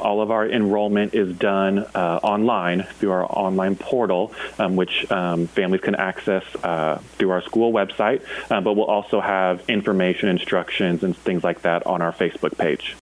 all of our enrollment is done uh, online through our online portal, um, which um, families can access uh, through our school website. Uh, but we'll also have information, instructions, and things like that on our Facebook page.